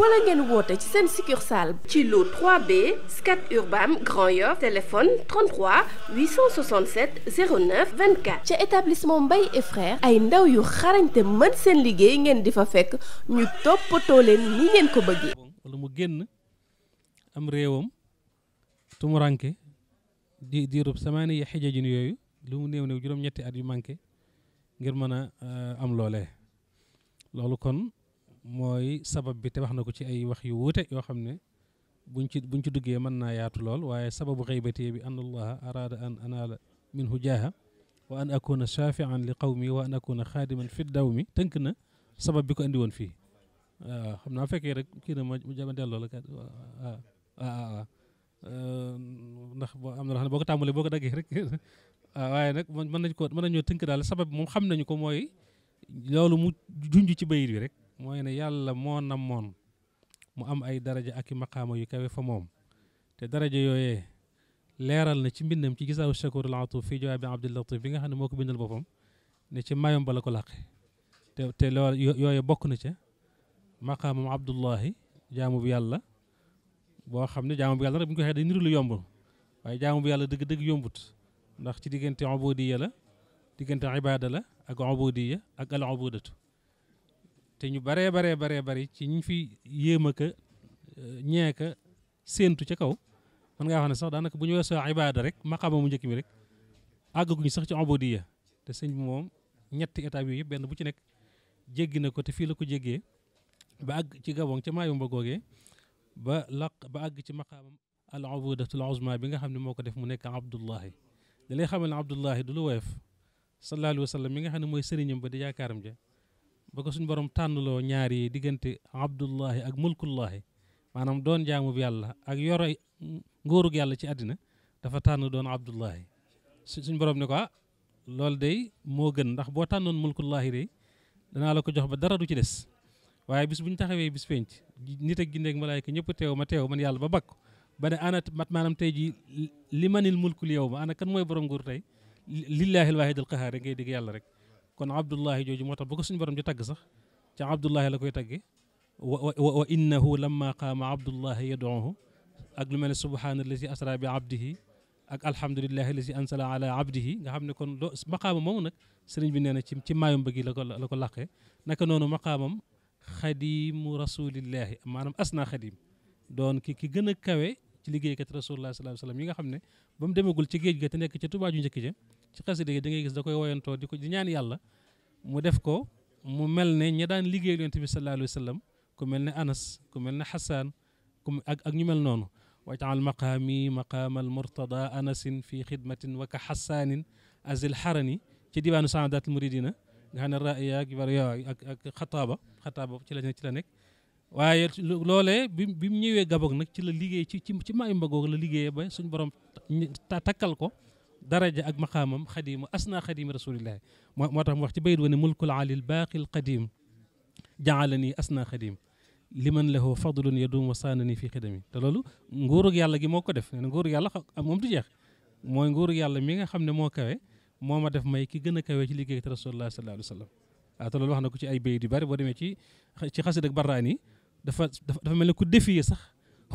wala ngeen woote ci seen succursale ci lu 3B Scat Urbam Grand Yoff téléphone 33 867 09 24 ca établissement Mbaye et ay ndaw yu xarañte mën seen liggéey ngeen di fa fekk ñu toppatoo leen ni ngeen ko bëggee wala mu génn am réewam tumuranke di diirub samaani ya xijajin yooyu lu mu néew néew juróom-ñetti at yu manqué ngir mën a euh, am loole loolu kon mooy sabab bi te wax na ko ci ay wax yu wuute yoo xam ne buñ ci buñ ci duggee mën naa yaatu lool waaye sababu xaybati bi an allaha araada an anaala minhu jaaha wa an akuna shafian li qawmi wa an akuna xaadiman fi dawmi tënk na sabab bi ko andi woon fii xam naa fekkee rek kii na ma jama delloo la ehm, ndax boo am na loo xam rek waaye nag mën nañ ko mën nañoo tënk daal sabab moom xam nañu ko mooy loolu mu junj ci bayit bi rek mooy ne yàlla moo nam moon mu am ay daraja ak i maqaama yu kawe fa moom te daraja yooyee leeral na ci mbindam ci gisaaw shakurul atu fii jawaabi abdul bi nga xam ne moo ko bindal boppam ne ci mayom ba la ko làqe te te loolu yooye bokk na ca maqaamam abdullahi jaamu bu yàlla boo xam ne jaamu bu yàlla rek bu ñu ko waxee day niru lu yomb waaye jaamu bu yàlla dëgg-dëgg yombut ndax ci diggante ubudiya la diggante ibada la ak ubudiya ak al ubudatu te ñu baree baree baree bari ci ñi fi yéem a ka eh, ñee ka séentu ca kaw man ngaa xam ne sax daanaka bu ñu weesoo ibaada rek maqaama mu njëkk mi rek àggaguñu sax ci ubudiyya te sëñ bi moom ñetti étape yooyu yëpp benn bu ci nekk jéggi na ko te fii la ko jéggee ba ci Gabon ca Mayumba googee ba laq ba àgg ci maqaamam al ubudatul uzma bi nga xam ne moo ko def mu nekk Abdullahi da lay xamal ne Abdullahi du lu woyof sallallahu alayhi wa mi nga xam ne mooy sëriñam ba de yaakaaram ja ba ko suñu borom tànnloo ñaar yi diggante abdullahi ak mulkullahi maanaam doon jaamub yàlla ak yoro nguurug yàlla ci àddina dafa tànn doon abdullahi suñu borom ne ko ah loolu day moo gën ndax boo tànnoon mulkullahi day danaa la ko jox ba dara du ci des waaye bis bu ñu taxawee bis penc nit ak gindeeg malaayka ñëpp teew ma teew man yàlla ba bakk ba ne ana maanaam tey jii li manil mulkul yow ma ana kan mooy borom nguur tey lillaahil waahidil qahaar rek ngay dégg yàlla rek kon abdullahi jooju moo tax bu ko suñu borom di tagg sax ca abdullahi la koy tagge wa wa innahu lamma qaama abdullahi yaduuhu ak lu mel ne subhaanallazi asra bi abdihi ak alhamdulillahi lazi ansala ala abdihi nga xam ne kon loo maqaamam moomu nag sëriñ bi nee na ci ci maayum bëgg la ko la ko làqee naka noonu maqaamam xadimu rasulillahi maanaam asna xadim doon ki ki gën a kawe ci liggéeykat rasulullah sallallahu alayhi wasallam yi nga xam ne ba mu demagul ci géej ga te nekk ca Tuubaa ju njëkk ja ci xasida yi da ngay gis da koy woyantoo di ko di ñaan mu def ko mu mel ne ña daan liggéey yonent bi sallallahu alayhi ku mel ne anas ku mel ne xasaan ak ñu mel noonu waj'al maqaami maqaama almurtada anasin fi xidmatin wa ka xasaanin azil xarani ci diwaanu saadaat muridina nga xam ne raaya ak ak ak xataaba xataaba ci la ci la nekk waaye loolee bi bi mu ñëwee gabog nag ci la liggéey ci ci ci maay mbagoo la liggéey ba suñ borom takkal ko daraja ak maqaamam xadimu asna xadimi rasulillahi moo moo tax mu wax ci bayit wa ne mulkul alil baaqi al qadim jaalani asna xadim liman lahu fadlun yadum wa saanani fi xidami te loolu nguurug yàlla gi moo ko def nee na nguurug yàlla moom du jeex mooy nguurug yàlla mi nga xam ne moo kawe moo ma def may ki gën a kawe ci liggéey te rasulullah sallallahu alayhi wa sallam waaw ah, te loolu wax na ko ci ay bayit yu bari boo demee ci ci xasid ak baraan yi dafa dafa mel ne ku défier sax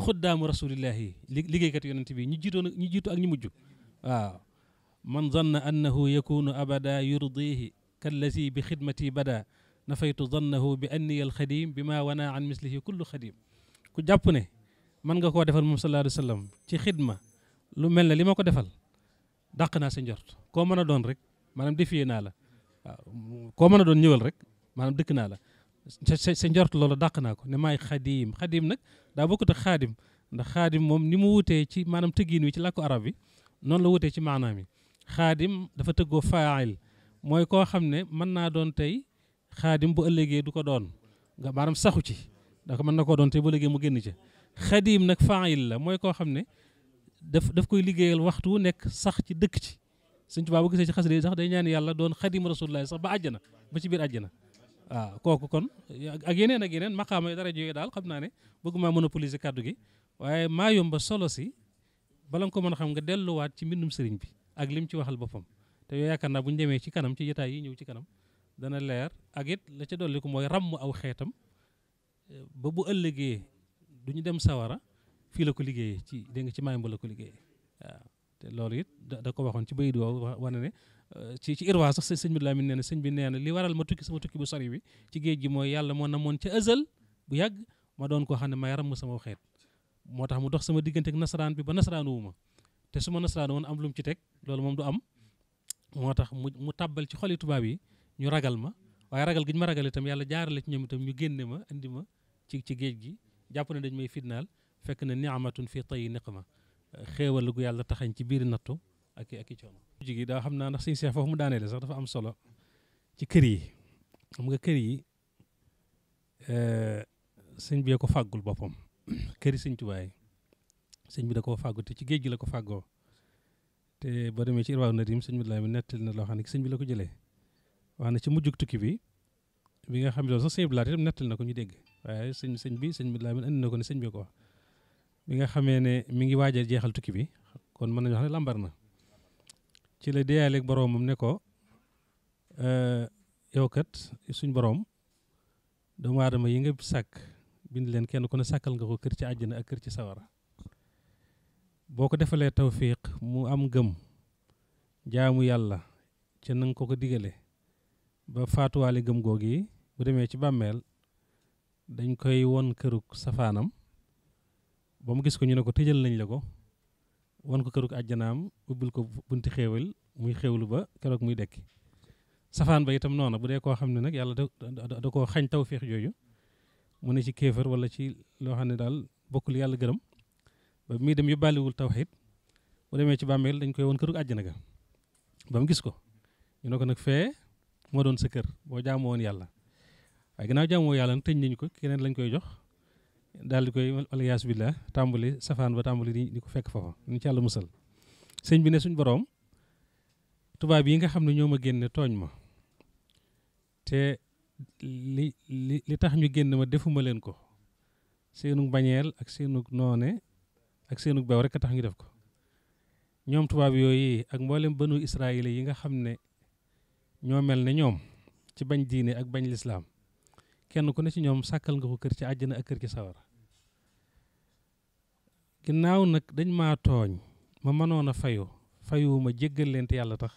xuddaamu rasulillahi yi liggéeykat yonent bi ñu jiitoon ñu jiitu ak ñu mujj waaw man zanna annahu yakunu abada yurdihi kallazi bi xidmati bada nafaytu zannahu bi anniya alxadim bi ma wana an mislihi kullu xadim ku jàpp ne mën nga koo defal moom sallallahu alayhi wa sallam ci xidma lu mel ne li ma ko defal dàq naa sa njort koo mën a doon rek maanaam defiyee naa la waaw koo mën a doon ñëwal rek maanaam dëkk naa la sa sa njort loolu dàq naa ko ne maay xadim xadim nag daa bokkut ak xaadim ndax xaadim moom ni mu wutee ci maanaam tëggiin wi ci làkku arab bi noonu la wutee ci maanaam mi xaadim dafa tëggoo faa'il mooy koo xam ne mën naa doon tey xaadim bu ëllëgee du ko doon nga maanaam saxu ci da ko mën na ko doon tey bu ëllëgee mu génn ca xadim nag faa'il la mooy koo xam ne daf daf koy liggéeyal waxtu wu nekk sax ci dëkk ci Sëñ Tuubaa bu gisee ci xasida yi sax day ñaan yàlla doon xadim rasulullah sax ba àjjana ba ci biir na waaw kooku kon ak yeneen ak yeneen maqaama yi dara jógee daal xam naa ne bëgguma monopoliser kàddu gi waaye maa yomba solo si bala ko mën a xam nga delluwaat ci mbindum sëriñ bi ak lim ci waxal boppam te yooyu yaakaar naa bu ñu demee ci kanam ci jotaay yi ñëw ci kanam dana leer ak it la ca dolli ko mooy ràmm aw xeetam ba bu ëllëgee du ñu dem sawara fii la ko liggéeye ci dégg nga ci maayam ba ko liggéeyee waaw te loolu it da ko waxoon ci bayit woowu wane ne euh, ci ci irwaa sax sëñ bi Lamin nee na sëñ bi nee na li waral ma tukki sama tukki bu sori bi ci géej gi mooy yàlla moo moon ca ëzal bu yàgg ma doon koo xam ne may ràmm sama xeet moo tax mu dox sama diggante ak nasaraan bi ba nasaraan wu ma te su ma nasaraan woon am lu mu ci teg loolu moom du am moo tax mu mu tàbbal ci xoli tubaab yi ñu ragal ma waaye ragal gi ñu ma ragal itam yàlla jaarale ci ñoom itam ñu génne ma indi ma ci ci géej gi jàpp ne dañ may fitnaal fekk na niamatun fii tayyi niqma xéewal gu yàlla taxañ ci biir nattu ak i ak i coono mujj gi daa xam naa ndax suñu seex foofu mu daaneele sax dafa am solo ci kër yi xam nga kër yi eh, sëñ bee ko fàggul boppam kër sëñ tubaay sëñ bi da koo fàggu te ci géej gi la ko fàggoo te boo demee ci irwaaw nadim sëñ bi laa na loo xam ne sëñ bi la ko jëlee wax na ci mujjug tukki bi bi nga xam ne loolu sax sëñ laa itam nettali na ko ñu dégg sëñ sëñ bi sëñ bi laa na ko ne sëñ bi bi nga xamee ne mi ngi waaja jeexal tukki bi kon mën nañu wax ne lambar na ci la deeyaaleeg boroomam ne ko yow kat suñ boroom doomu aadama yi nga sàkk bind leen kenn ku ne sàkkal nga ko kër ci àjjana ak kër ci sawara boo ko defalee tawfiq mu am gëm jaamu yàlla ca nanga ko ko digale ba faatuwaale gëm googu yi bu demee ci bàmmeel dañ koy won kërug safaanam ba mu gis ko ñu ne ko tëjal nañ la ko wan ko kërug àjjanaam ubbil ko bunti xéewal muy xéewlu ba keroog muy dekki safaan ba itam noona bu dee koo xam ne nag yàlla da da koo xañ tawféex jooju mu ne ci kéefër wala ci loo xam ne daal bokkul yàlla gërëm ba muy dem yóbbaaliwul tawxiid bu demee ci bàmmeel dañ koy woon këru àjjana ga ba mu gis ko ñu ne ko nag fee moo doon sa kër boo jaamu woon yàlla waaye ginnaaw jaamu woon yàlla tëj nañ ko keneen lañ koy jox dal di koy wala yaas billah tàmbali safaan ba tàmbali di ko fekk foofa ñu ci yàlla musal sëñ bi ne suñ boroom tubaab yi nga xam ne ñoo ma génne tooñ ma te li li tax ñu génn ma defuma leen ko seenu bañeel ak seenu noone ak seenu bew rek a tax ñu def ko ñoom tubaab yooyu ak mboolem banu israayil yi nga xam ne ñoo mel ne ñoom ci bañ diine ak bañ lislaam kenn ku ne ci ñoom sàkkal nga ko kër ci àjjana ak kër ci sawara ginnaaw nag dañ ma tooñ ma mënoon a fayu fayu ma jéggal leen te yàlla tax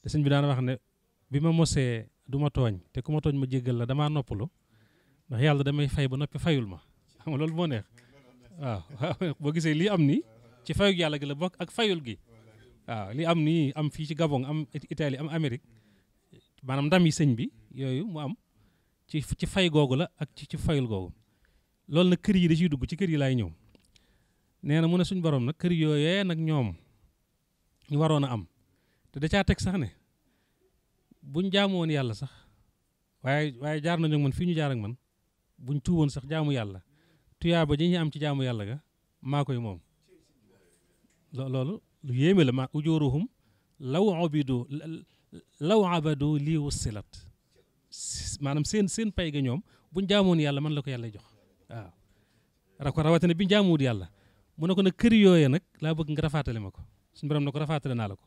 te sëñ bi daan wax ne bi ma mosee du ma tooñ te ku ma tooñ ma jéggal la damaa noppalu ndax yàlla damay fay ba noppi fayul ma xam loolu moo neex waaw boo gisee lii am nii ci fayug yàlla gi la bokk ak fayul gi waaw lii am nii am fii ci Gabon am Italie am Amérique maanaam ndam yi sëñ bi yooyu mu am ci fay googu la ak ci ci fayul googu loolu nag kër yi da ciy dugg ci kër yi laay ñëw nee na mu ne suñ borom nag kër yooyee nag ñoom ñu waroon a am te da caa teg sax ne buñ jaamu woon yàlla sax waaye waaye jaar nañu man fii ñu jaarak man buñ tuuwoon sax jaamu yàlla tuyaaba ji ñu am ci jaamu yàlla ga maa koy moom loolu lu yéeme la ma ujuruhum law abidu law abadu lii wussilat maanaam seen seen pay ga ñoom buñ jaamoon yàlla man la ko yàlla jox waaw ra bi jaamuwut yàlla mu ne ko nag kër yooyee nag laa bëgg nga rafaatale ma ko suñu borom na ko rafaatale naa la ko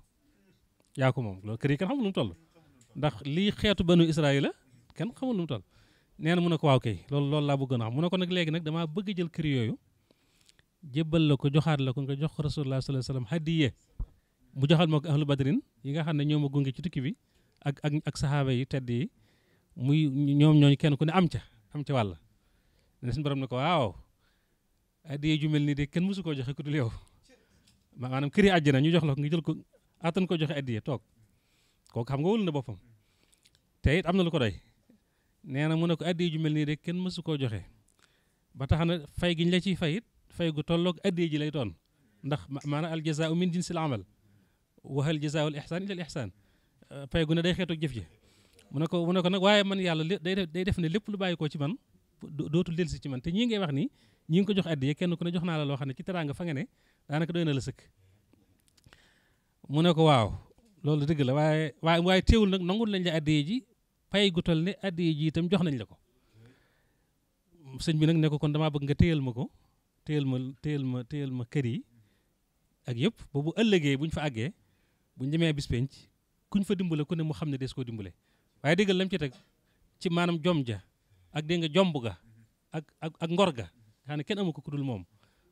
yaa ko moom loolu kër kenn xamul lu mu ndax lii xeetu banu israila kenn xamul lu mu nee na mu ne ko waaw kay loolu laa bëgg a xam mu ne ko nag léegi nag damaa bëgg jël kër yooyu jébbal la ko joxaat la ko nga jox ko rasulullah sallallahu alayhi wasallam mu joxal ma ko ahlu yi nga xam ne ñoo ma gunge ci tukki bi ak ak ak saxaaba yi tedd yi muy ñoom ñooñu kenn ku ne am ca am ca wàll ne suñu borom na ko waaw hadiye ju mel nii de kenn mësu koo joxe ku dul yow maanaam kër yi àjjana ñu jox la ko nga jël ko attan ko joxe hadiye toog kooku xam nga wul na boppam te it am na lu ko doy nee na mu ne ko addiya ju mel nii rek kenn mësu koo joxe ba tax na fay gi ñu la ciy fay it fay gu tolloog addiya ji lay doon ndax maanaam al jazaau min jinsil amal wa hal jazaau al ihsaan illa al ihsaan euh, fay gu ne day xeetu jëf ji mu ne ko mu ne ko nag waaye man yàlla day def day def ne lépp lu bàyyi koo ci man dootul delsi ci man te ñii ngay wax nii ñi ngi ko jox addiya kenn ku ne jox naa la loo xam ne ci teraanga fa nga ne daanaka doy na la sëkk mu ne ko waaw loolu dëgg la waaye waaye waaye teewul nag nangul lañ la addiya pay gu toll ne addiya ji itam jox nañ la ko sëñ bi nag ne ko kon damaa bëgg nga téyal ma ko téyal ma téyal ma ma kër yi ak yëpp ba bu ëllëgee bu fa àggee bu ñu demee bis penc fa dimbale ku ne mu xam ne des koo dimbale waaye déggal lam ci teg ci maanaam jom ja ak dégg nga jomb ga ak ak ak ngor ga ko ku dul moom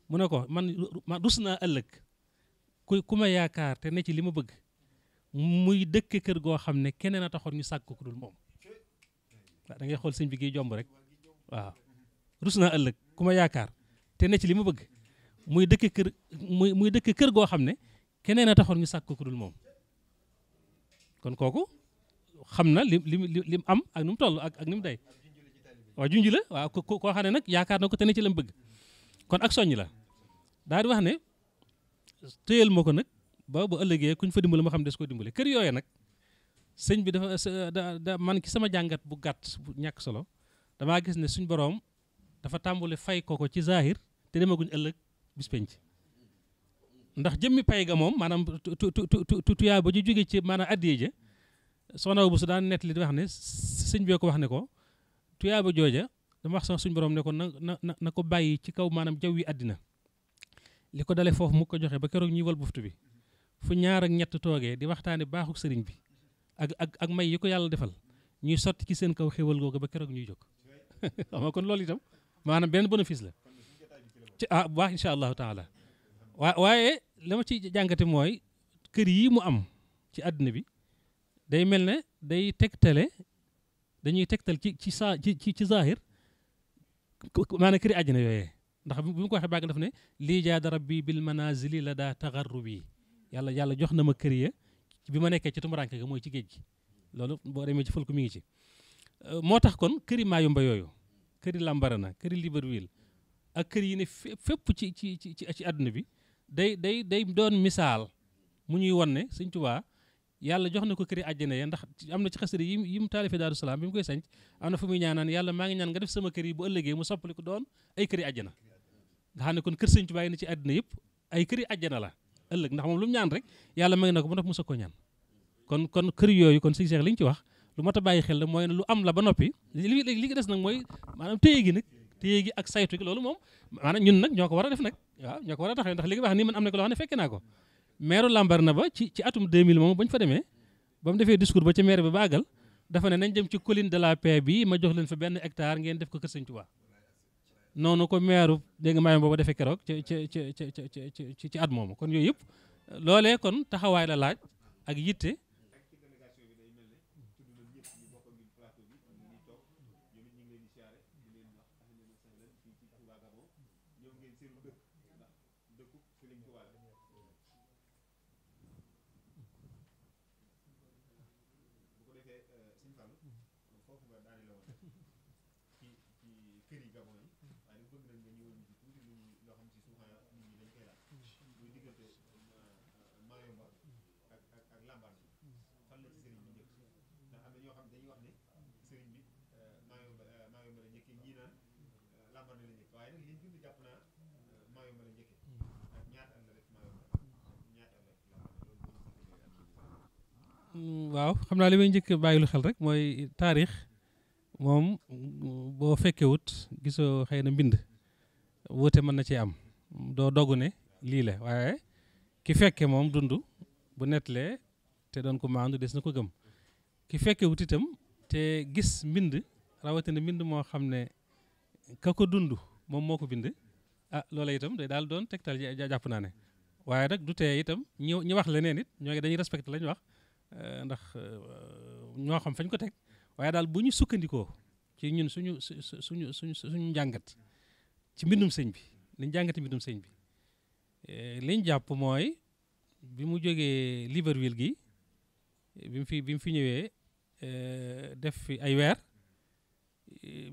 mu ne ko man naa ëllëg ku ku ma yaakaar ne ci li ma bëgg muy dëkk kër goo xam ne keneen a taxoon ñu sàkk ko ku dul moom da ngay xool sëñ bi giy jomb rek waaw rus naa ëllëg ku yaakaar te ne ci li ma bëgg muy dëkk kër muy muy dëkk kër goo xam ne keneen a taxoon ñu sàkk ko dul moom kon kooku xam na li li li am ak nu mu toll ak nu mu day waaw junj la waaw ko koo xam ne nag yaakaar na ko te ne la mu bëgg kon ak soññ la daal di wax ne téyel ma ko nag ba bu ëllëgee kuñ fa dimbale ma xam des koo dimbale kër yooye nag sëñ bi dafa da man ki sama jàngat bu gàtt bu ñàkk solo damaa gis ne suñ boroom dafa tàmbali fay ko ko ci zahir te demaguñ ëllëg bis penc ndax jëmmi pay ga moom maanaam tu tu tu tuyaa ba ci maanaam addiye ja bu su daan nett li wax ne sëñ bee ko wax ne ko tuyaa ba jooja dama wax sama suñ boroom ne ko na na na ko bàyyi ci kaw maanaam jaww yi àddina li ko dale foofu mu ko joxe ba keroog ñuy wal buftu bi fu ñaar ak ñett toogee di waxtaane baaxu sëriñ bi ak ak ak may yi ko yàlla defal ñuy sotti ci seen kaw xéwal googu ba keroog ñuy jóg xam nga kon loolu itam maanaam benn bénéfice la ci ah bu baax incha allahu taala waa waaye la ma ci jàngate mooy kër yi mu am ci àdduna bi day mel ne day tegtale dañuy tegtal ci ci saa ci ci ci zaahir maanaam këri àjjana yooyee ndax bu mu ko waxee bàgg daf ne lii jaada rabbi bil manazili la daa taxarrub yi yàlla yàlla jox na ma kër ya bi ma nekkee ci tumuraanke ga mooy ci géej gi loolu boo demee ci ko mu ngi ci euh, moo tax kon këri Mayumba yooyu këri Lambarana këri Libreville ak kër yi ne fépp ci ci ci ci àdduna bi day day day doon misaal mu ñuy wan ne Sëñ Tuubaa yàlla jox na ko këri àjjana ya ndax am na ci xasida yi yi mu taalife daal Salaam bi mu koy sanc am na fu muy ñaanaan yàlla maa ngi ñaan nga def sama kër yi bu ëllëgee mu soppali ko doon ay këri àjjana nga xam ne kon kër Sëñ Tuubaa yi ne ci àdduna yëpp ay këri àjjana la ëllëg ndax moom lu mu ñaan rek yàlla may na ko ba noppi musa ko ñaan kon kon kër yooyu kon sëñ Cheikh li ñu ci wax lu mat a bàyyi xel la mooy ne lu am la ba noppi li li des nag mooy maanaam téye gi nag téye gi loolu moom maanaam ñun ñoo ko war a def nag waaw ñoo ko war a taxawee ndax li nga wax nii man am na ko loo xam ne fekke naa ko maire lambar na ba ci ci atum 2000 moom ba ñu fa demee ba mu defee discours ba ci maire bi baagal dafa ne nañ jëm ci colline de la paix bi ma jox leen fa benn ectare ngeen def ko kër sëñ Tuubaa noonu ko meeru dégg nga maayam booba defee keroog ci ci ci ci ci ci at moomu kon yooyu yëpp loole kon taxawaay la laaj ak yitte jàppal na euh, mm. mm. mm, waaw xam naa li may njëkk bàyyilu xel rek mooy taarix moom boo fekkewut gisoo xëy na mbind wuute mën na ci am doo dogu ne lii la waaye ki fekke moom dund bu nettalee te doon ko maandu des na ko gëm ki fekkewut itam te gis mbind rawatina mbind moo xam ne ka ko dund moom moo ko bind ah loola itam day daal doon tegtal jàpp naa ne waaye rek du tee itam ñi ñi wax leneen it ñoo ngi dañuy respecté la ñu wax eh, ndax eh, ñoo xam fañ ko teg waaye daal bu ñu sukkandikoo ci ñun suñu suñu suñu suñu njàngat ci mbindum sëñ bi liñ jàngate mbindum sëñ bi eh, liñ jàpp mooy bi mu jógee Libreville gi bi mu fi fi ñëwee def fi ay weer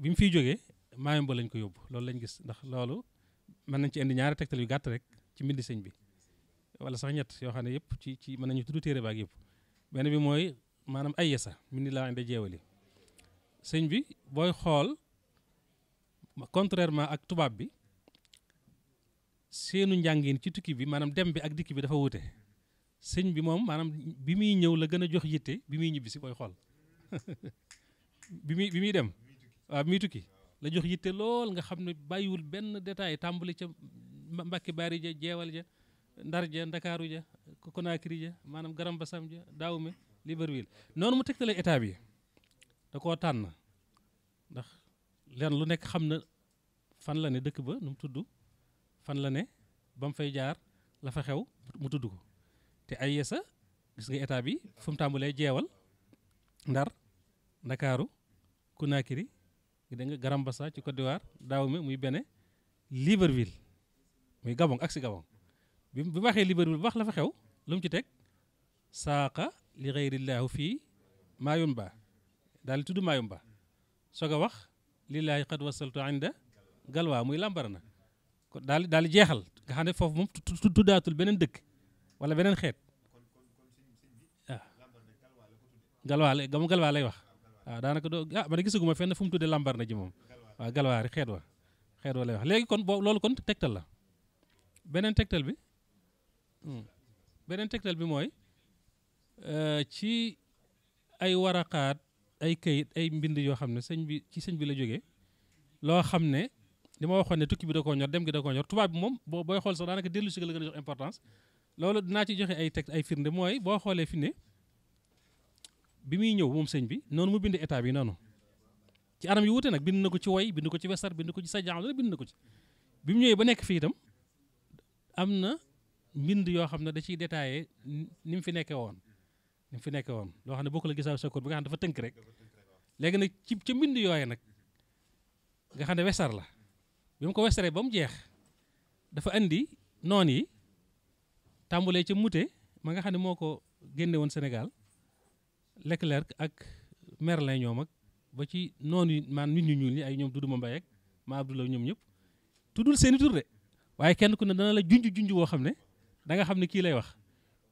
bi mu fiy jógee maayomba lañ ko yóbbu loolu lañ gis ndax loolu mën nañ ci indi ñaari tegtal yu gàtt rek ci mbindi sëñ bi wala sax ñett yoo xam ne yëpp ci ci mën nañu tudd téere baak yëpp benn bi mooy maanaam ay yesa mbindi laa indi jeewali sëñ bi booy xool contrairement ak tubaab bi seenu njàngin ci tukki bi maanaam dem bi ak dikk bi dafa wute sëñ bi moom maanaam bi muy ñëw la gën a jox yitte bi muy ñibbisi booy xool bi muy muy dem waaw bi muy tukki la jox yitte lool nga xam ne bàyyiwul benn détail tàmbali ca mbakki Baari ja jeewal ja Ndar ja Ndakaaru ja Konaakiri ja maanaam Garam Basam ja Daawme Libreville noonu mu teg tegtale état bi da koo tànn ndax lenn lu nekk xam na fan la ne dëkk ba nu mu tudd fan la ne ba mu fay jaar la fa xew mu tudd ko te ay yesa gis nga état bi fu mu tàmbalee jeewal Ndar Ndakaaru Konaakiri dégg nga Garambassa ci Côte d'Ivoire muy Bénin Libreville muy Gabon ak si Gabon bi bi waxee Libreville wax la fa xew lu ci teg saaqa li xeyrillahu fii Mayumba daal di tudd Mayumba soog a wax lillaahi qad wasaltu inda galwaa muy Lambarana kon daal daal di jeexal nga xam ne foofu moom tuddaatul beneen dëkk wala beneen xeet ah galwaa la gamu galwaa lay wax waaw daanaka doo ah man gisaguma fenn fu mu tuddee lambar na ji moom waaw galwaari xeet wa xeet wa lay wax léegi kon boo loolu kon tegtal la beneen tegtal bi hmm, beneen tegtal bi mooy euh, ci ay waraqaat ay kayit ay mbind yoo xam ne sëñ bi ci sëñ bi la jógee loo xam ne li ma waxoon ne tukki bi da koo ñor dem gi da ñor tubaab bi moom boo booy xool sax daanaka dellu si la gën a jox importance loolu dinaa ci joxe ay teg ay firnde mooy boo xoolee fi ne bi muy ñëw moom sëñ bi noonu mu bind état bi noonu ci anam yi wute nag bind na ko ci way bind ko ci westar bind ko ci sajaan la bind na ko ci bi mu ñëwee ba nekk fii tam am na mbind yoo xam ne da ciy détaillé ni mu fi nekkee woon ni mu nekkee woon loo xam ne bokk la gisaaw sakkoor bi nga xam dafa tënk rek léegi nag ci ca mbind yooye nag nga xam ne westar la bi mu ko westaree ba mu jeex dafa indi noon yi tàmbulee ca mute ma nga xam ne moo ko génne woon Sénégal Leclerc ak Merlin ñoom ak ba ci noonu maan nit ñu ñuul ñi ay ñoom Doudou Mbaye ak ma Abdoulaye ñoom ñëpp tuddul seen tur de waaye kenn ku ne dana la junj junj woo xam ne danga xam ne kii lay wax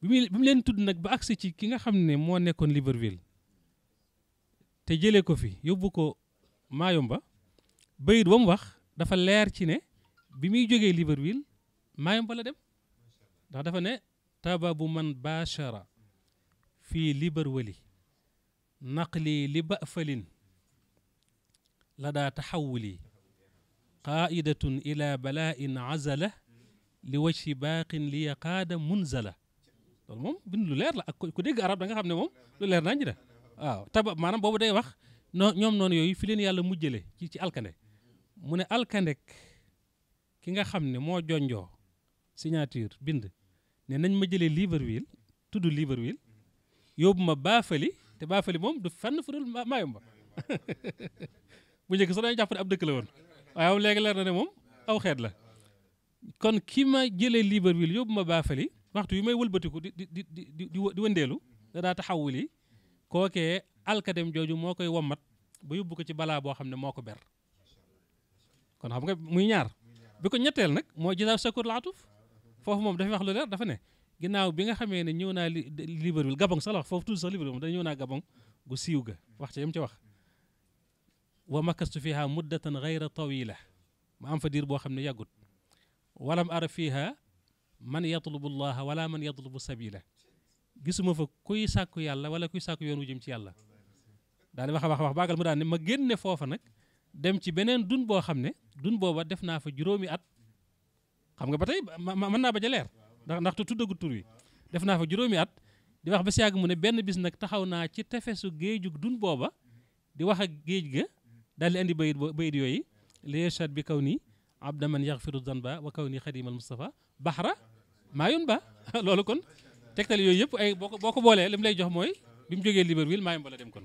bi muy mu leen tudd nag ba agsi ci ki nga xam ne moo nekkoon Libreville te jëlee ko fi yóbbu ko Mayumba bayit ba mu wax dafa leer ci ne bi muy jógee Libreville Mayumba la dem ndax dafa ne taba bu man bachara fii libar naqli li bafalin la daa taxawuli qaidatun ila balaain azala li wajhi baaqin li yaqaada munzala la moom bind lu leer la ak ku dégg arab da nga xam ne moom lu leer nañ da waaw taba maanaam boobu day wax noo ñoom noonu yooyu fi leen yàlla mujjale ci ci alkande mu ne alkandek ki nga xam ne moo jonjoo signature bind ne nañ ma jëlee Libreville tudd Libreville yóbbu ma baafali te baafali moom du fenn fu dul maayomba bu njëkk sax dañu jàpp ne ab dëkk la woon waaye léegi leer na ne moom aw xeet la kon ki ma jëlee Libreville yóbbu ma baafali waxtu yu may wëlbatiku di di di di di wëndeelu da daa taxawul yi alkadem jooju moo koy wommat ba yóbbu ko ci balaa boo xam ne moo ko ber kon xam nga muy ñaar bi ko ñetteel nag moo gisaa sakur laatuf foofu moom dafay wax lu leer dafa ne ginnaaw bi nga xamee ne ñëw naa Libreville Gabon sax la wax foofu tuuti sax Libreville moom dañu ñëw naa Gabon gu siiw ga wax ca yam ca wax wa makastu fiha muddatan gayra tawila ma am fa diir boo xam ne yàggut walam ara fiha man yatlubu llaha wala man yatlubu sabila gisuma fa kuy sàkku yàlla wala kuy sàkku yoon jëm ci yàlla daal di wax a wax wax ne ma génne foofa nag dem ci beneen dun boo xam ne dun booba def naa fa juróomi at xam nga ba tey mën naa ba leer ndax ndax te tuddagu tur wi def naa fa juróomi at di wax ba si yàgg mu ne benn bis nag taxaw naa ci tefesu géejug dun booba di wax ak géej ga daal di andi bayit bayit yooyu liechat bi kaw nii abdaman yaxfiru zanba wa kaw nii xadimal mustapha baxra maayun ba loolu kon tegtal yooyu yëpp ay boo ko boolee li lay jox mooy bi mu jógee Libreville maayun ba la dem kon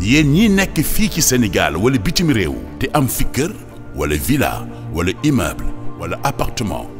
yéen ñii nekk fii ci Sénégal wala bitim réew te am fi kër wala villa wala immeuble wala appartement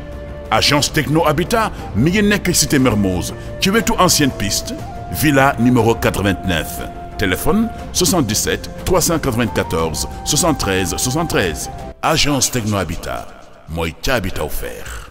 agence techno habitat mi ngi nekk cité Mermoz ci wetu ancienne piste villa numéro 89 téléphone 77 394 73 73 agence techno habitat mooy ca habitat offert